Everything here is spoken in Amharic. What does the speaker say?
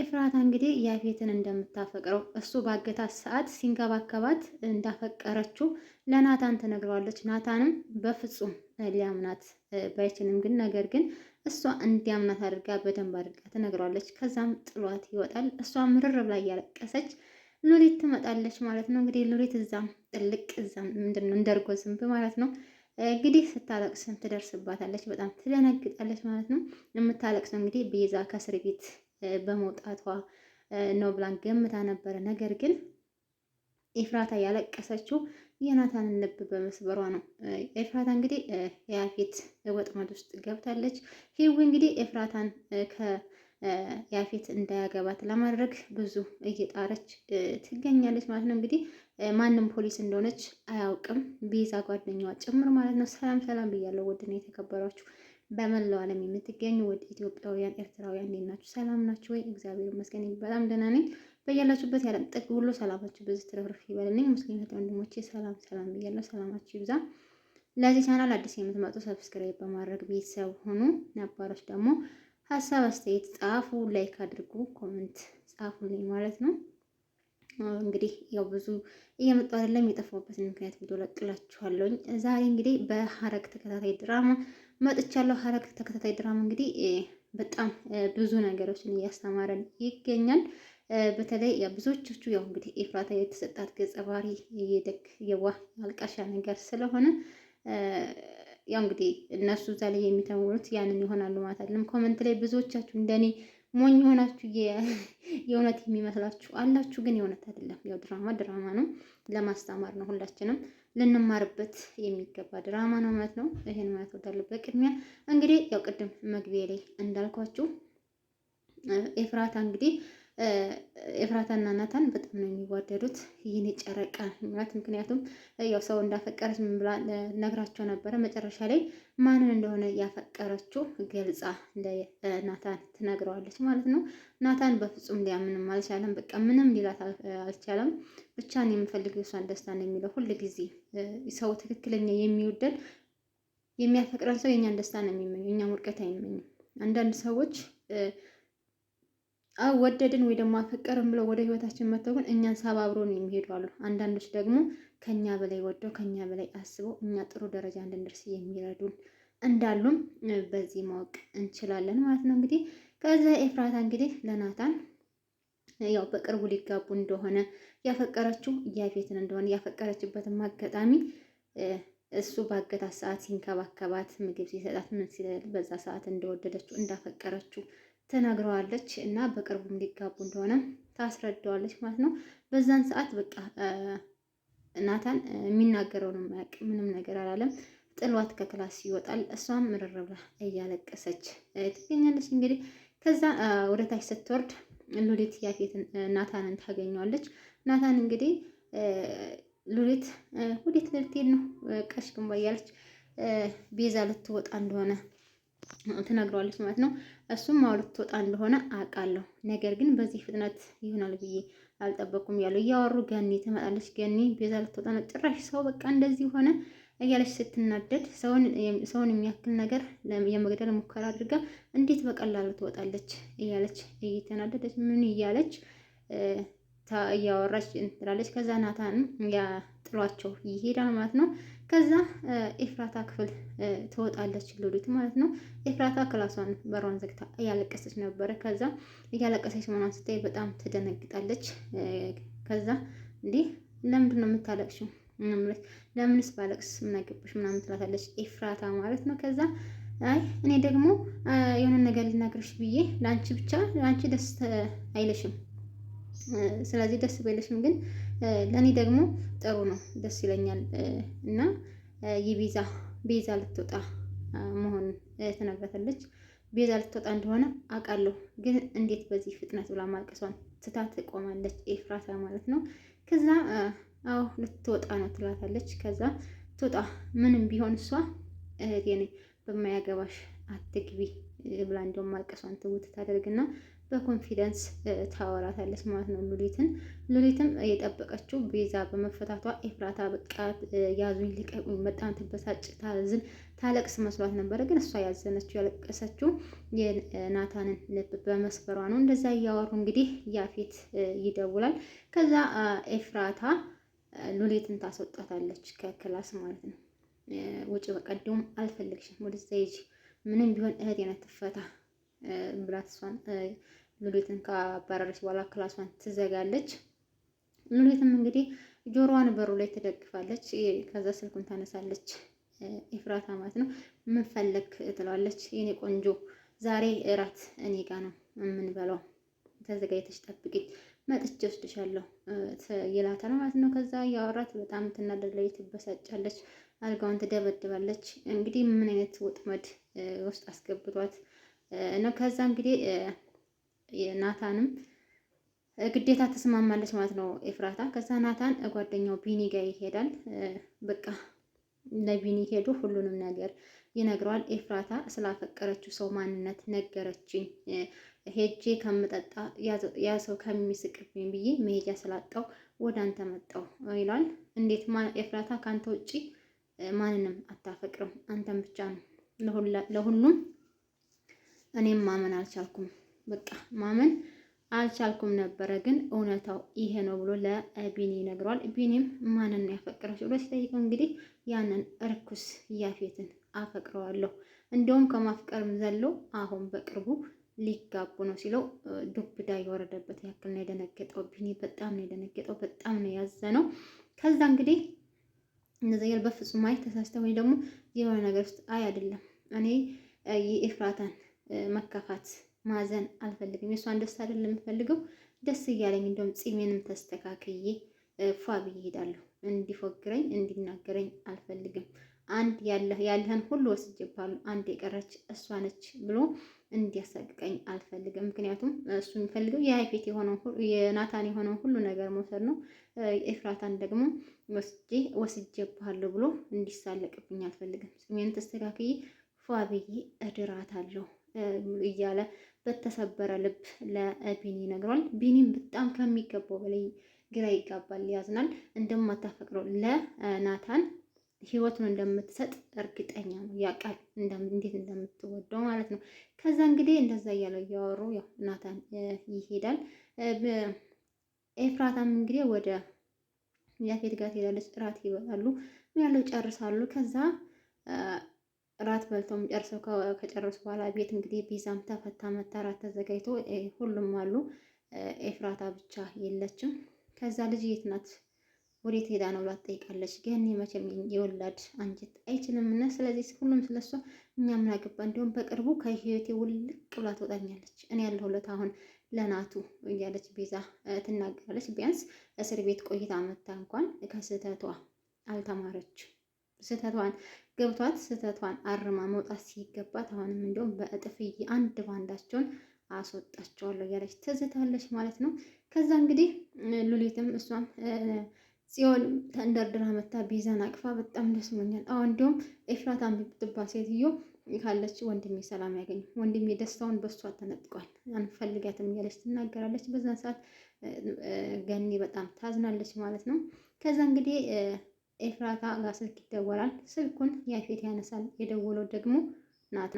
ኤፍራታ እንግዲህ ያፌትን እንደምታፈቅረው እሱ ባገታት ሰዓት ሲንከባከባት እንዳፈቀረችው ለናታን ትነግረዋለች። ናታንም በፍጹም ሊያምናት ባይችልም ግን ነገር ግን እሷ እንዲያምናት አድርጋ በደንብ አድርጋ ትነግረዋለች። ከዛም ጥሏት ይወጣል። እሷ ምርር ብላ እያለቀሰች ሉሊት ትመጣለች ማለት ነው። እንግዲህ ሉሊት እዛም ጥልቅ እዛም ምንድን ነው እንደርጎ ዝንብ ማለት ነው። እንግዲህ ስታለቅስም ትደርስባታለች። በጣም ትደነግጣለች ማለት ነው። የምታለቅሰው እንግዲህ ቤዛ ከእስር ቤት በመውጣቷ ነው ብላን ገምታ ነበረ። ነገር ግን ኤፍራታ ያለቀሰችው የናታንን ልብ በመስበሯ ነው። ኤፍራታ እንግዲህ የአፌት ወጥመድ ውስጥ ገብታለች። ሂዊ እንግዲህ ኤፍራታን ከያፌት እንዳያገባት ለማድረግ ብዙ እየጣረች ትገኛለች ማለት ነው። እንግዲህ ማንም ፖሊስ እንደሆነች አያውቅም። ቤዛ ጓደኛዋ ጭምር ማለት ነው። ሰላም ሰላም ብያለሁ። ውድና የተከበራችሁ በመላው ዓለም የምትገኙ ውድ ኢትዮጵያውያን ኤርትራውያን እንዴት ናችሁ? ሰላም ናችሁ ወይ? እግዚአብሔር ይመስገን በጣም ደህና ነኝ። በያላችሁበት ያለም ጥግ ሁሉ ሰላማችሁ ብዙ ትርፍርፍ ይበልልኝ። ሙስሊም እህት ወንድሞቼ ሰላም ሰላም ብያለሁ። ሰላማችሁ ይብዛ። ለዚህ ቻናል አዲስ የምትመጡ ሰብስክራይብ በማድረግ ቤተሰብ ሆኑ። ነባሮች ደግሞ ሀሳብ አስተያየት ጻፉ፣ ላይክ አድርጉ፣ ኮመንት ጻፉልኝ ማለት ነው። እንግዲህ ያው ብዙ እየመጡ አይደለም። የጠፋሁበትን ምክንያት ቪዲዮ ለቅላችኋለሁኝ። ዛሬ እንግዲህ በሀረግ ተከታታይ ድራማ መጥቻለሁ። ሀረግ ተከታታይ ድራማ እንግዲህ በጣም ብዙ ነገሮችን እያስተማረን ይገኛል። በተለይ ብዙዎቻችሁ ያው እንግዲህ ኤፍራታ የተሰጣት ገጸ ባህሪ የደግ የዋ አልቃሻ ነገር ስለሆነ ያው እንግዲህ እነሱ እዛ ላይ የሚተውኑት ያንን ይሆናሉ ማለት አይደለም። ኮመንት ላይ ብዙዎቻችሁ እንደኔ ሞኝ ሆናችሁ የእውነት የሚመስላችሁ አላችሁ፣ ግን የእውነት አይደለም። ያው ድራማ ድራማ ነው፣ ለማስተማር ነው። ሁላችንም ልንማርበት የሚገባ ድራማ ነው ማለት ነው። ይሄን ማለት ወዳለ በቅድሚያ እንግዲህ ያው ቅድም መግቢያ ላይ እንዳልኳችሁ ኤፍራታ እንግዲህ ኤፍራታና ናታን በጣም ነው የሚዋደዱት። ይህን የጨረቀ ምክንያት ምክንያቱም ያው ሰው እንዳፈቀረች ምን ብላ ነግራቸው ነበረ። መጨረሻ ላይ ማንን እንደሆነ ያፈቀረችው ገልጻ ለናታን ትነግረዋለች ማለት ነው። ናታን በፍጹም ሊያምንም አልቻለም። በቃ ምንም ሊላት አልቻለም። ብቻን የምፈልገው እሷን ደስታ ነው የሚለው ሁልጊዜ ሰው ትክክለኛ የሚወደድ የሚያፈቅረን ሰው የእኛን ደስታ ነው የሚመኘው፣ እኛም ውድቀት አይመኝም። አንዳንድ ሰዎች ወደድን ወይ ደግሞ አፈቀርን ብለው ወደ ህይወታችን መጥተው ግን እኛን ሰባብሮን የሚሄዱ አሉ። አንዳንዶች ደግሞ ከኛ በላይ ወደው ከኛ በላይ አስበው እኛ ጥሩ ደረጃ እንድንደርስ የሚረዱን እንዳሉም በዚህ ማወቅ እንችላለን ማለት ነው። እንግዲህ ከዛ ኤፍራታ እንግዲህ ለናታን ያው በቅርቡ ሊጋቡ እንደሆነ ያፈቀረችው ያፌትን እንደሆነ ያፈቀረችበትም አጋጣሚ እሱ ባገታት ሰዓት ሲንከባከባት ምግብ ሲሰጣት ምን ሲል በዛ ሰዓት እንደወደደችው እንዳፈቀረችው ተናግረዋለች እና በቅርቡም ሊጋቡ እንደሆነ ታስረዳዋለች ማለት ነው። በዛን ሰዓት በቃ ናታን ነው አያውቅ ምንም ነገር አላለም። ጥሏት ከክላስ ይወጣል። እሷም ምርር ብላ እያለቀሰች ትገኛለች። እንግዲህ ከዛ ወደ ታች ስትወርድ ሉሊት ያፌት ናታንን ታገኘዋለች። ናታን እንግዲህ ሉሊት ወዴት ልትሄድ ነው ቀሽ ግንባ እያለች ቤዛ ልትወጣ እንደሆነ ትነግረዋለች ማለት ነው። እሱም አውልት ትወጣ እንደሆነ አውቃለሁ፣ ነገር ግን በዚህ ፍጥነት ይሆናል ብዬ አልጠበቁም ያሉ እያወሩ ገኒ ትመጣለች። ገኒ ቤዛ ልትወጣ ነው፣ ጭራሽ ሰው በቃ እንደዚህ ሆነ እያለች ስትናደድ ሰውን የሚያክል ነገር የመግደል ሙከራ አድርጋ እንዴት በቀላሉ ትወጣለች እያለች እየተናደደች ምን እያለች እያወራች እንትላለች። ከዛ ናታን ያጥሏቸው ይሄዳል ማለት ነው። ከዛ ኤፍራታ ክፍል ትወጣለች ሉሊት ማለት ነው። ኤፍራታ ክላሷን በሯን ዘግታ እያለቀሰች ነበረ። ከዛ እያለቀሰች መሆኗን ስታይ በጣም ትደነግጣለች። ከዛ እንዴ ለምንድን ነው የምታለቅሽው? ለምንስ ባለቅስ ምን አገባሽ ምናምን ትላታለች ኤፍራታ ማለት ነው። ከዛ አይ እኔ ደግሞ የሆነ ነገር ልናገርሽ ብዬ ለአንቺ ብቻ ለአንቺ ደስ አይለሽም ስለዚህ ደስ ባይለሽም ግን ለእኔ ደግሞ ጥሩ ነው፣ ደስ ይለኛል። እና የቤዛ ቤዛ ልትወጣ መሆን ተነግረታለች። ቤዛ ልትወጣ እንደሆነ አውቃለሁ፣ ግን እንዴት በዚህ ፍጥነት ብላ ማልቀሷን ትታ ትቆማለች፣ ኤፍራታ ማለት ነው። ከዛ አዎ ልትወጣ ነው ትላታለች። ከዛ ትወጣ ምንም ቢሆን እሷ እህቴ ነኝ በማያገባሽ አትግቢ ብላ እንደውም ማልቀሷን ትውት ታደርግና በኮንፊደንስ ታወራታለች ማለት ነው ሉሊትን። ሉሊትም የጠበቀችው ቤዛ በመፈታቷ ኤፍራታ በቃት ያዙኝ ልቀቁኝ በጣም ትበሳጭ ታዝን ታለቅስ መስሏት ነበረ። ግን እሷ ያዘነችው ያለቀሰችው የናታንን ልብ በመስበሯ ነው። እንደዛ እያወሩ እንግዲህ ያፌት ይደውላል። ከዛ ኤፍራታ ሉሊትን ታስወጣታለች ከክላስ ማለት ነው። ውጭ በቀደም አልፈልግሽም፣ ወደዛ ሂጂ፣ ምንም ቢሆን እህቴን አትፈታ ብላት እሷን ሉሊትን ካባረረች በኋላ ክላሷን ትዘጋለች። ሉሊትም እንግዲህ ጆሮዋን በሩ ላይ ትደግፋለች። ከዛ ስልኩን ታነሳለች። ኢፍራታ ማለት ነው። ምን ፈለግ ትለዋለች። የኔ ቆንጆ ዛሬ እራት እኔ ጋ ነው የምንበላው፣ ተዘጋጅተሽ ጠብቂኝ፣ መጥቼ ወስድሻለሁ ይላታል ማለት ነው። ከዛ ያወራት በጣም ትናደዳለች፣ ትበሳጫለች፣ አልጋውን ትደበድባለች። እንግዲህ ምን አይነት ወጥመድ ውስጥ አስገብቷት ነው ከዛ እንግዲህ ናታንም ግዴታ ተስማማለች ማለት ነው ኤፍራታ። ከዛ ናታን ጓደኛው ቢኒ ጋር ይሄዳል። በቃ ለቢኒ ሄዶ ሁሉንም ነገር ይነግረዋል። ኤፍራታ ስላፈቀረችው ሰው ማንነት ነገረችኝ። ሄጄ ከምጠጣ ያ ሰው ከሚስቅብኝ ብዬ መሄጃ ስላጣው ወደ አንተ መጣው ይላል። እንዴት ኤፍራታ ከአንተ ውጪ ማንንም አታፈቅርም፣ አንተም ብቻ ነው። ለሁሉም እኔም ማመን አልቻልኩም በቃ ማመን አልቻልኩም ነበረ። ግን እውነታው ይሄ ነው ብሎ ለቢኒ ይነግሯል። ቢኒም ማንን ነው ያፈቅረች ብሎ ሲጠይቀው እንግዲህ ያንን እርኩስ ያፌትን አፈቅረዋለሁ እንዲሁም ከማፍቀርም ዘሎ አሁን በቅርቡ ሊጋቡ ነው ሲለው ዱብዳ የወረደበት ያክል ነው የደነገጠው። ቢኒ በጣም ነው የደነገጠው፣ በጣም ነው ያዘነው። ከዛ እንግዲህ እነዚያ በፍጹም አይ ተሳስተው ወይ ደግሞ የሆነ ነገር ውስጥ አይ አይደለም እኔ የኤፍራታን መከፋት ማዘን አልፈልግም። የእሷን ደስታ አይደለም የምፈልገው። ደስ እያለኝ እንደውም ጺሜንም ተስተካክዬ ፏ ብዬ እሄዳለሁ። እንዲፎግረኝ እንዲናገረኝ አልፈልግም። አንድ ያለህን ሁሉ ወስጄብሃለሁ፣ አንድ የቀረች እሷ ነች ብሎ እንዲያሳቅቀኝ አልፈልግም። ምክንያቱም እሱ የሚፈልገው የሀይፌት የናታን የሆነው ሁሉ ነገር መውሰድ ነው። ኤፍራታን ደግሞ ወስጄ ወስጄብሃለሁ ብሎ እንዲሳለቅብኝ አልፈልግም። ጽሜን ተስተካክዬ ፏ ብዬ እድራታለሁ እያለ በተሰበረ ልብ ለቢኒ ይነግሯል። ቢኒም በጣም ከሚገባው በላይ ግራ ይጋባል፣ ያዝናል። እንደማታፈቅረው ለናታን ህይወቱን እንደምትሰጥ እርግጠኛ ነው ያውቃል፣ እንዴት እንደምትወደው ማለት ነው። ከዛ እንግዲህ እንደዛ እያለው እያወሩ ያው ናታን ይሄዳል። ኤፍራታም እንግዲህ ወደ ያፌት ጋር ትሄዳለች። እራት ይበላሉ ያለው ጨርሳሉ። ከዛ እራት በልተውም ጨርሰው ከጨረሱ በኋላ ቤት እንግዲህ ቤዛም ተፈታ መታ ራት ተዘጋጅቶ ሁሉም አሉ። ኤፍራታ ብቻ የለችም። ከዛ ልጅ የት ናት ወዴት ሄዳ ነው ብላ ትጠይቃለች። ግን መቼም የወላድ አንጀት አይችልም እና ስለዚህ ሁሉም ስለሷ እኛ ምን አገባ፣ እንዲሁም በቅርቡ ከህይወቴ ውልቅ ብላ ትወጣኛለች። እኔ ያለሁለት አሁን ለናቱ እያለች ቤዛ ትናገራለች። ቢያንስ እስር ቤት ቆይታ መታ እንኳን ከስህተቷ አልተማረችም። ስህተቷን ገብቷት ስህተቷን አርማ መውጣት ሲገባት አሁንም እንዲሁም በእጥፍዬ አንድ ባንዳቸውን አስወጣቸዋለሁ እያለች ትዝታለች ማለት ነው። ከዛ እንግዲህ ሉሊትም እሷም ጽዮን ተንደርድራ መታ ቢዛን አቅፋ በጣም ደስ ብሎኛል። አዎ እንዲሁም ኤፍራታ የምትባል ሴትዮ ካለች ወንድሜ ሰላም ያገኝ፣ ወንድሜ ደስታውን በእሷ ተነጥቋል፣ አንፈልጋትም እያለች ትናገራለች። በዛን ሰዓት ገኒ በጣም ታዝናለች ማለት ነው። ከዛ እንግዲህ ኤፍራታ ጋር ስልክ ይደወላል። ስልኩን ያፌት ያነሳል። የደወለው ደግሞ ናት።